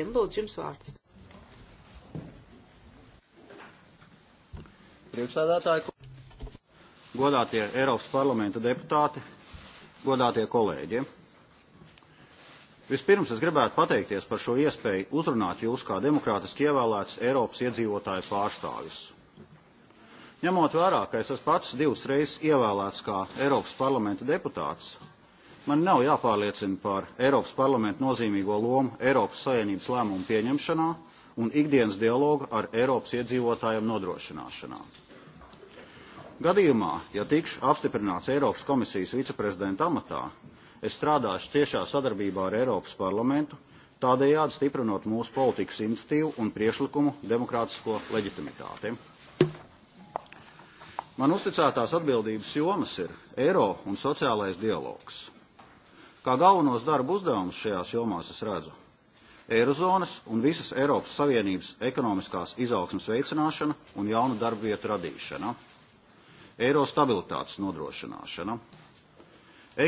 Lūdzu, jums vārds. Priekšsēdētāji, godātie Eiropas parlamenta deputāti, godātie kolēģi. Vispirms es gribētu pateikties par šo iespēju uzrunāt jūs kā demokrātiski ievēlētas Eiropas iedzīvotāju pārstāvis. Ņemot vērā, ka es esmu pats divas reizes ievēlēts kā Eiropas parlamenta deputāts, man nav jāpārliecina par Eiropas parlamentu nozīmīgo lomu Eiropas Savienības lēmumu pieņemšanā un ikdienas dialogu ar Eiropas iedzīvotājiem nodrošināšanā. Gadījumā, ja tikšu apstiprināts Eiropas komisijas viceprezidenta amatā, es strādāšu tiešā sadarbībā ar Eiropas parlamentu, tādējādi stiprinot mūsu politikas iniciatīvu un priešlikumu demokrātisko leģitimitāti. Man uzticētās atbildības jomas ir eiro un sociālais dialogs – Kā galvenos darba uzdevumus šajās jomās es redzu Eirozonas un visas Eiropas Savienības ekonomiskās izaugsmas veicināšana un jaunu darba vietu radīšana, eiro stabilitātes nodrošināšana,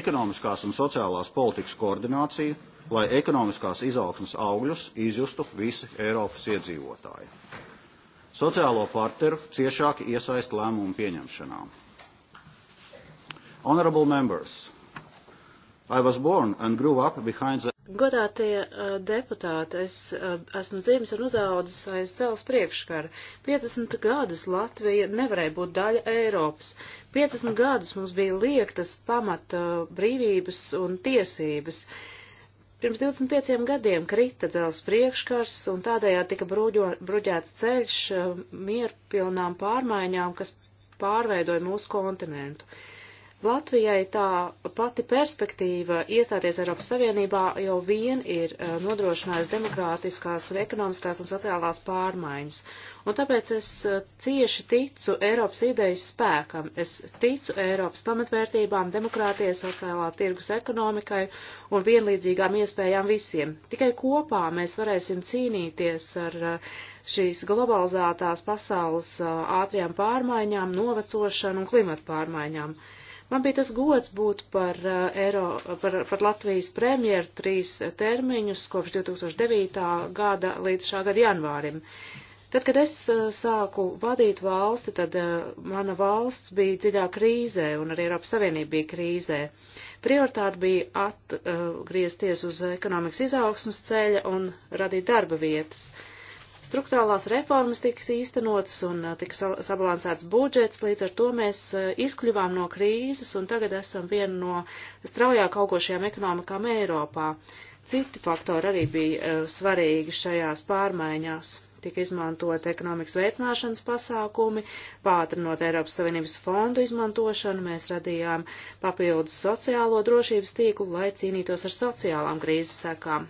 ekonomiskās un sociālās politikas koordinācija, lai ekonomiskās izaugsmas augļus izjustu visi Eiropas iedzīvotāji. Sociālo partneru ciešāk iesaist lēmumu pieņemšanā. Honorable members, I was born and grew up behind the... Godātie uh, deputāti, es uh, esmu dzimis un uzaudzis aiz cels priekškara. 50 gadus Latvija nevarēja būt daļa Eiropas. 50 gadus mums bija liektas pamata brīvības un tiesības. Pirms 25 gadiem krita dzels priekškars un tādējā tika bruģo, bruģēts ceļš uh, mierpilnām pārmaiņām, kas pārveidoja mūsu kontinentu. Uh, Latvijai tā pati perspektīva iestāties Eiropas Savienībā jau vien ir eh, nodrošinājusi demokrātiskās, ekonomiskās un sociālās pārmaiņas. Un tāpēc es eh, cieši ticu Eiropas idejas spēkam. Es ticu Eiropas pamatvērtībām, demokrātijai, sociālā tirgus ekonomikai un vienlīdzīgām iespējām visiem. Tikai kopā mēs varēsim cīnīties ar eh, šīs globalizētās pasaules ātrijām pārmaiņām, novecošanu un klimatu pārmaiņām. Man bija tas gods būt par, eh, Eiro, par, par Latvijas premjeru trīs eh, termiņus kopš 2009. gada līdz šā gada janvārim. Tad, kad es eh, sāku vadīt valsti, tad mana valsts bija dziļā krīzē un arī Eiropas Savienība bija krīzē. Prioritāte bija atgriezties uz ekonomikas izaugsmas ceļa un radīt darba vietas. Uh, Struktūrālās reformas tiks īstenotas un uh, tiks sabalansēts budžets, līdz ar to mēs uh, izkļuvām no krīzes un tagad esam viena no straujāk augošajām ekonomikām Eiropā. Citi faktori arī bija uh, svarīgi šajās pārmaiņās tika izmantot ekonomikas veicināšanas pasākumi, pātrinot Eiropas Savienības fondu izmantošanu, mēs radījām papildus sociālo drošības tīklu, lai cīnītos ar sociālām krīzes sekām.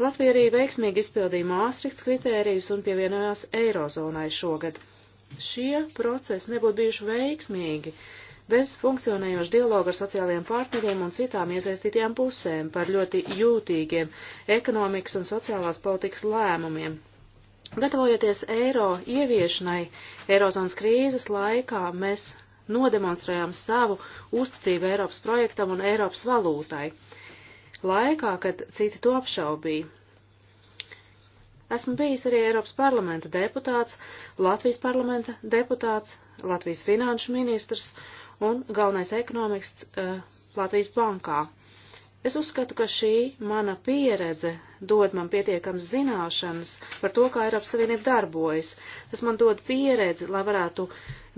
Latvija arī veiksmīgi izpildīja Māstrikts kritērijus un pievienojās Eirozonai šogad. Šie procesi nebūtu bijuši veiksmīgi bez funkcionējoša dialoga ar sociālajiem partneriem un citām iesaistītajām pusēm par ļoti jūtīgiem ekonomikas un sociālās politikas lēmumiem. Gatavojoties eiro ieviešanai, eirozonas krīzes laikā mēs nodemonstrējām savu uzticību Eiropas projektam un Eiropas valūtai laikā, kad citi to apšaubīja. Esmu bijis arī Eiropas parlamenta deputāts, Latvijas parlamenta deputāts, Latvijas finanšu ministrs un galvenais ekonomists uh, Latvijas bankā. Es uzskatu, ka šī mana pieredze dod man pietiekams zināšanas par to, kā Eiropas Savienība darbojas. Tas man dod pieredzi, lai varētu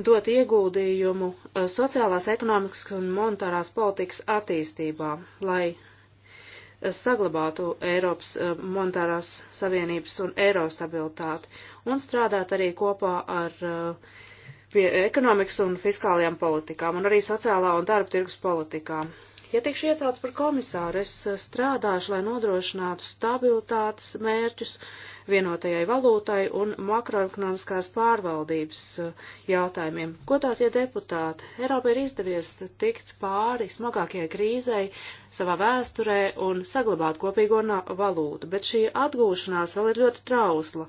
dot ieguldījumu eh, sociālās, ekonomikas un monetārās politikas attīstībā, lai saglabātu Eiropas eh, monetārās savienības un eiro stabilitāti un strādāt arī kopā ar eh, pie ekonomikas un fiskālajām politikām un arī sociālā un darba tirgus politikām. Ja tikšu iecelts par komisāru, es eh, strādāšu, lai nodrošinātu stabilitātes mērķus vienotajai valūtai un makroekonomiskās pārvaldības eh, jautājumiem. Godātie deputāti, Eiropa ir izdevies tikt pāri smagākajai krīzei savā vēsturē un saglabāt kopīgo valūtu, bet šī atgūšanās vēl ir ļoti trausla.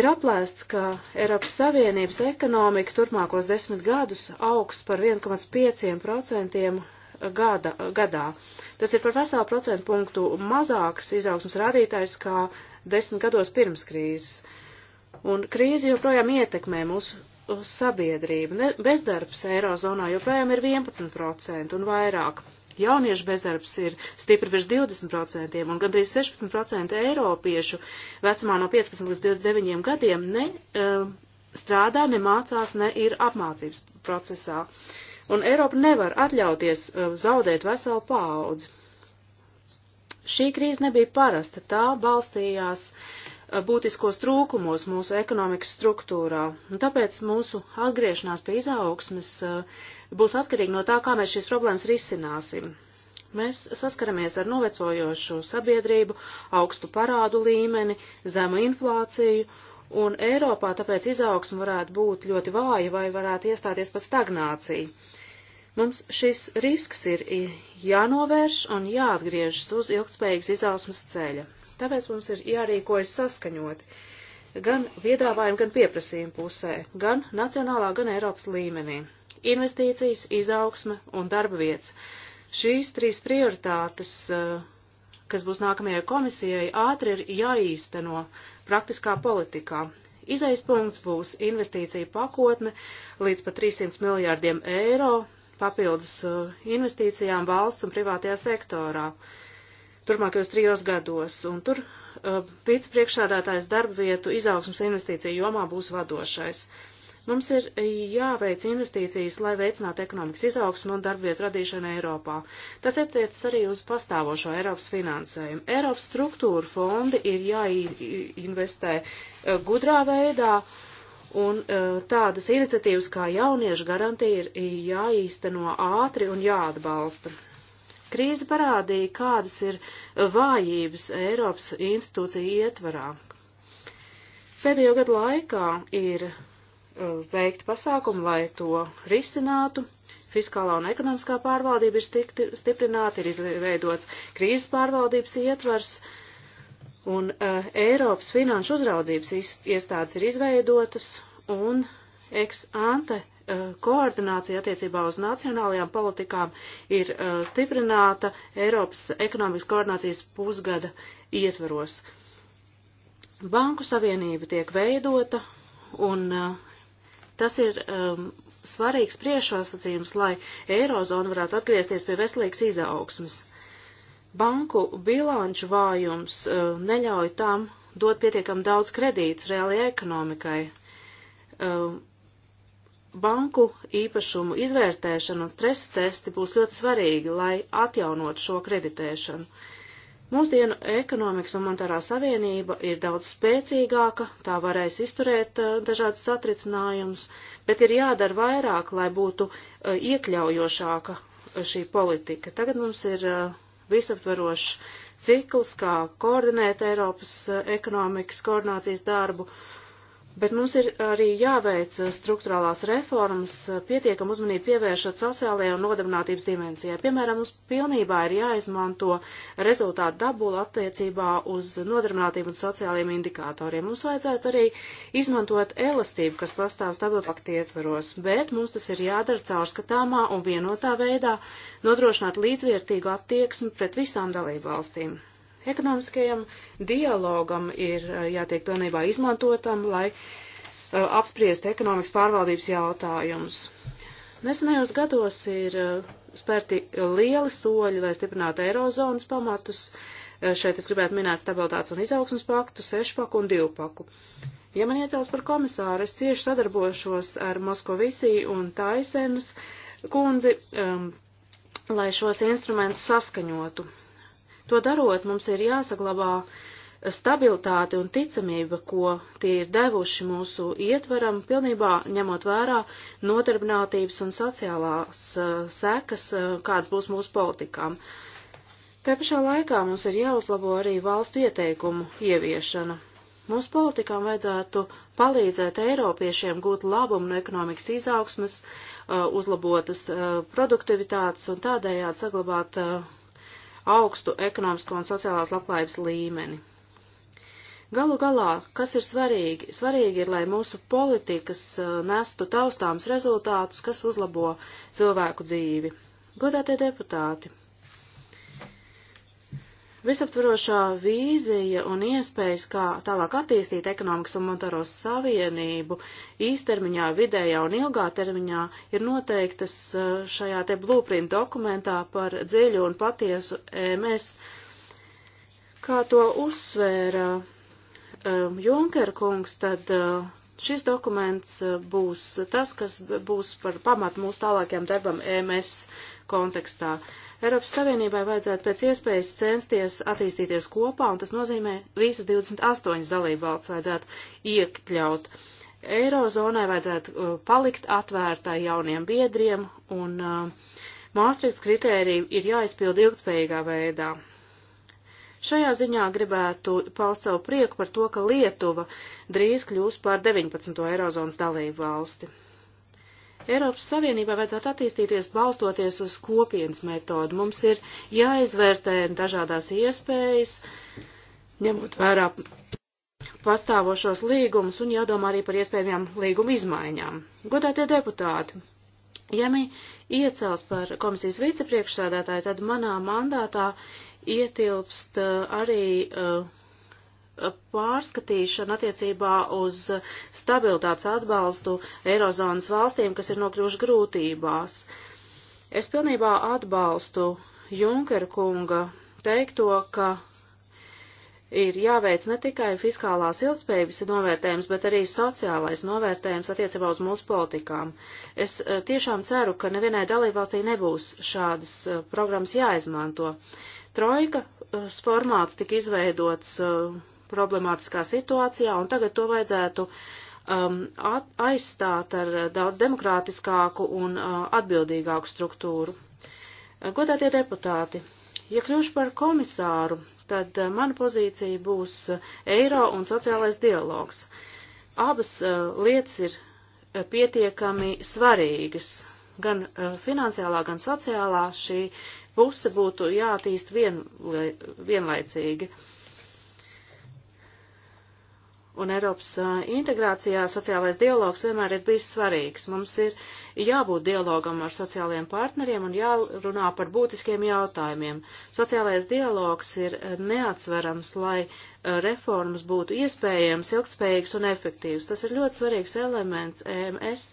Ir aplēsts, ka Eiropas Savienības ekonomika turpmākos desmit gadus augs par 1,5% gada, gadā. Tas ir par veselu procentu punktu mazāks izaugsmas rādītājs kā desmit gados pirms krīzes. Un krīze joprojām ietekmē mūsu sabiedrību. Ne, bezdarbs Eirozonā joprojām ir 11% un vairāk. Jauniešu bezdarbs ir stipri virs 20% un gandrīz 16% eiropiešu vecumā no 15 līdz 29 gadiem ne uh, strādā, ne mācās, ne ir apmācības procesā. Uh, Un Eiropa nevar atļauties uh, zaudēt veselu paaudzi. Šī krīze nebija parasta, tā balstījās uh, būtiskos trūkumos mūsu ekonomikas struktūrā, un tāpēc mūsu atgriešanās pie izaugsmes uh, būs atkarīgi no tā, kā mēs šīs problēmas risināsim. Mēs saskaramies ar novecojošu sabiedrību, augstu parādu līmeni, zemu inflāciju un Eiropā tāpēc izaugsme varētu būt ļoti vāja vai varētu iestāties pat stagnācija. Mums šis risks ir jānovērš un jāatgriežas uz ilgspējīgas izaugsmas ceļa. Tāpēc mums ir jārīkojas saskaņoti gan piedāvājumu, gan pieprasījumu pusē, gan nacionālā, gan Eiropas līmenī. Investīcijas, izaugsme un darba vietas. Šīs trīs prioritātes, eh, kas būs nākamajai komisijai, ātri ir jāīsteno, praktiskā politikā. Izaisa punkts būs investīcija pakotne līdz pat 300 miljārdiem eiro papildus uh, investīcijām valsts un privātajā sektorā turpmākajos trijos gados. Un tur uh, vicepriekšsādātājs darba vietu izaugsmas investīciju jomā būs vadošais. Uh, Mums ir jāveic investīcijas, lai veicinātu ekonomikas izaugsmu un darbvietu radīšanu Eiropā. Tas attiecas arī uz pastāvošo Eiropas finansējumu. Eiropas struktūra fondi ir jāinvestē e, gudrā veidā. Un e, tādas iniciatīvas kā jauniešu garantija ir jāīsteno ātri un jāatbalsta. Krīze parādīja, kādas ir vājības Eiropas institūcija ietvarā. Pēdējo gadu laikā ir Eh, veikt pasākumu, lai to risinātu. Fiskālā un ekonomiskā pārvaldība ir stiprināta, ir izveidots krīzes pārvaldības ietvars, un uh, Eiropas finanšu uzraudzības iestādes ir izveidotas, un ex ante uh, koordinācija attiecībā uz nacionālajām politikām ir uh, stiprināta Eiropas ekonomikas koordinācijas pusgada ietvaros. Banku savienība tiek veidota, Un uh, tas ir um, svarīgs priešosacījums, lai Eirozona varētu atgriezties pie veselīgas izaugsmas. Banku bilanču vājums uh, neļauj tām dot pietiekam daudz kredītu reālajai ekonomikai. Uh, banku īpašumu izvērtēšana un stresa testi būs ļoti svarīgi, lai atjaunot šo kreditēšanu. Uh, Mūsdienu ekonomikas un monetārā savienība ir daudz spēcīgāka, tā varēs izturēt uh, dažādus satricinājumus, bet ir jādara vairāk, lai būtu uh, iekļaujošāka eh, šī politika. Tagad mums ir uh, visaptverošs cikls, kā koordinēt Eiropas ekonomikas koordinācijas darbu, Bet mums ir arī jāveic eh, struktūrālās reformas, eh, pietiekam uzmanību pievēršot sociālajai un nodarbinātības dimensijai. Piemēram, mums pilnībā ir jāizmanto rezultātu dabula attiecībā uz nodarbinātību un sociālajiem indikatoriem. Mums vajadzētu arī izmantot elastību, kas pastāv stabilitāti ietvaros, bet mums tas ir jādara caurskatāmā un vienotā veidā, nodrošināt līdzvērtīgu attieksmi pret visām dalībvalstīm. Ekonomiskajam dialogam ir eh, jātiek pilnībā izmantotam, lai uh, eh, apspriest ekonomikas pārvaldības jautājumus. Nesenajos gados ir uh, spērti lieli soļi, lai stiprinātu eirozonas pamatus. Uh, šeit es gribētu minēt stabilitātes un izaugsmas paktu, sešpaku un divpaku. Ja man iecels par komisāru, es cieši sadarbošos ar Moskovisī un Taisenas kundzi, um, lai šos instrumentus saskaņotu. To darot, mums ir jāsaglabā stabilitāte un ticamība, ko tie ir devuši mūsu ietveram, pilnībā ņemot vērā nodarbinātības un sociālās uh, sekas, uh, eh, kāds būs mūsu politikām. Te pašā laikā mums ir jāuzlabo arī valstu ieteikumu ieviešana. Mūsu politikām vajadzētu palīdzēt Eiropiešiem gūt labumu no ekonomikas izaugsmas, eh, uzlabotas produktivitātes un tādējādi saglabāt augstu ekonomisko un sociālās labklājības līmeni. Galu galā, kas ir svarīgi? Svarīgi ir, lai mūsu politikas uh, nestu taustāms rezultātus, kas uzlabo cilvēku dzīvi. Godātie deputāti! Visaptvarošā vīzija un iespējas, kā tālāk attīstīt ekonomikas un monetāro savienību īstermiņā, vidējā un ilgā termiņā, ir noteiktas uh, šajā te blūprint dokumentā par dziļu un patiesu EMS. Kā to uzsvēra um, Junker kungs, tad uh, Šis dokuments uh, būs tas, kas būs par pamatu mūsu tālākajam darbam EMS kontekstā. Eiropas Savienībai vajadzētu pēc iespējas censties attīstīties kopā, un tas nozīmē visas 28 dalību valsts vajadzētu iekļaut. Eirozonai vajadzētu uh, palikt atvērtai jauniem biedriem, un uh, Māstrīts kritērija ir jāizpild ilgtspējīgā veidā. Šajā ziņā gribētu paust savu prieku par to, ka Lietuva drīz kļūs par 19. eirozonas dalību valsti. Eiropas Savienībā vajadzētu attīstīties balstoties uz kopienas metodu. Mums ir jāizvērtē dažādās iespējas, ņemot vērā pastāvošos līgumus un jādomā arī par iespējamām līguma izmaiņām. Godātie deputāti, ja mi iecels par komisijas vicepriekšsēdētāju, tad manā mandātā ietilpst eh, arī eh, pārskatīšana attiecībā uz stabilitātes atbalstu Eirozonas valstīm, kas ir nokļuvuši grūtībās. Es pilnībā atbalstu Junkera kunga teikto, ka ir jāveic ne tikai fiskālās ilgspējības novērtējums, bet arī sociālais novērtējums attiecībā uz mūsu politikām. Es eh, tiešām ceru, ka nevienai dalībvalstī nebūs šādas programmas jāizmanto. Uh, Trojka eh, formāts tika izveidots eh, problemātiskā situācijā, un tagad to vajadzētu um, at, aizstāt ar daudz demokrātiskāku un uh, atbildīgāku struktūru. Godātie deputāti, ja kļūšu par komisāru, tad uh, mana pozīcija būs eiro un sociālais dialogs. Abas uh, lietas ir uh, pietiekami svarīgas, gan finansiālā, gan sociālā šī puse būtu jātīst vien, vienlaicīgi. Un Eiropas integrācijā sociālais dialogs vienmēr ir bijis svarīgs. Mums ir uh, jābūt dialogam ar sociālajiem partneriem un jārunā par būtiskiem jautājumiem. Sociālais dialogs ir neatsverams, lai e, reformas būtu iespējams, ilgspējīgs un efektīvs. Tas ir ļoti svarīgs elements EMS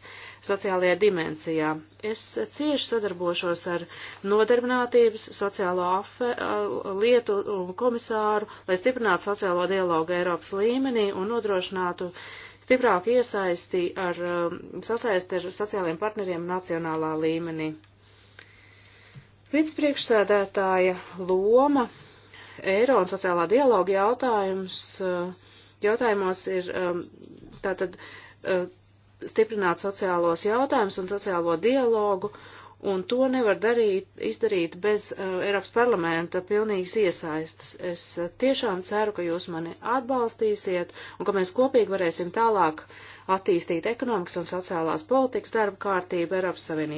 sociālajā dimensijā. Es cieši sadarbošos ar nodarbinātības, sociālo afe, e, lietu komisāru, lai stiprinātu sociālo dialogu Eiropas līmenī un nodrošinātu uh, stiprāku iesaisti ar, um, sasaisti ar sociālajiem partneriem nacionālā līmenī. Vicepriekšsēdētāja loma eiro un sociālā dialoga jautājums, uh, jautājumos ir um, tātad uh, stiprināt sociālos jautājumus un sociālo dialogu un to nevar darīt, izdarīt bez uh, Eiropas parlamenta pilnīgas iesaistas. Es uh, tiešām ceru, ka jūs mani atbalstīsiet un ka mēs kopīgi varēsim tālāk attīstīt ekonomikas un sociālās politikas darba kārtību Eiropas Savienībā.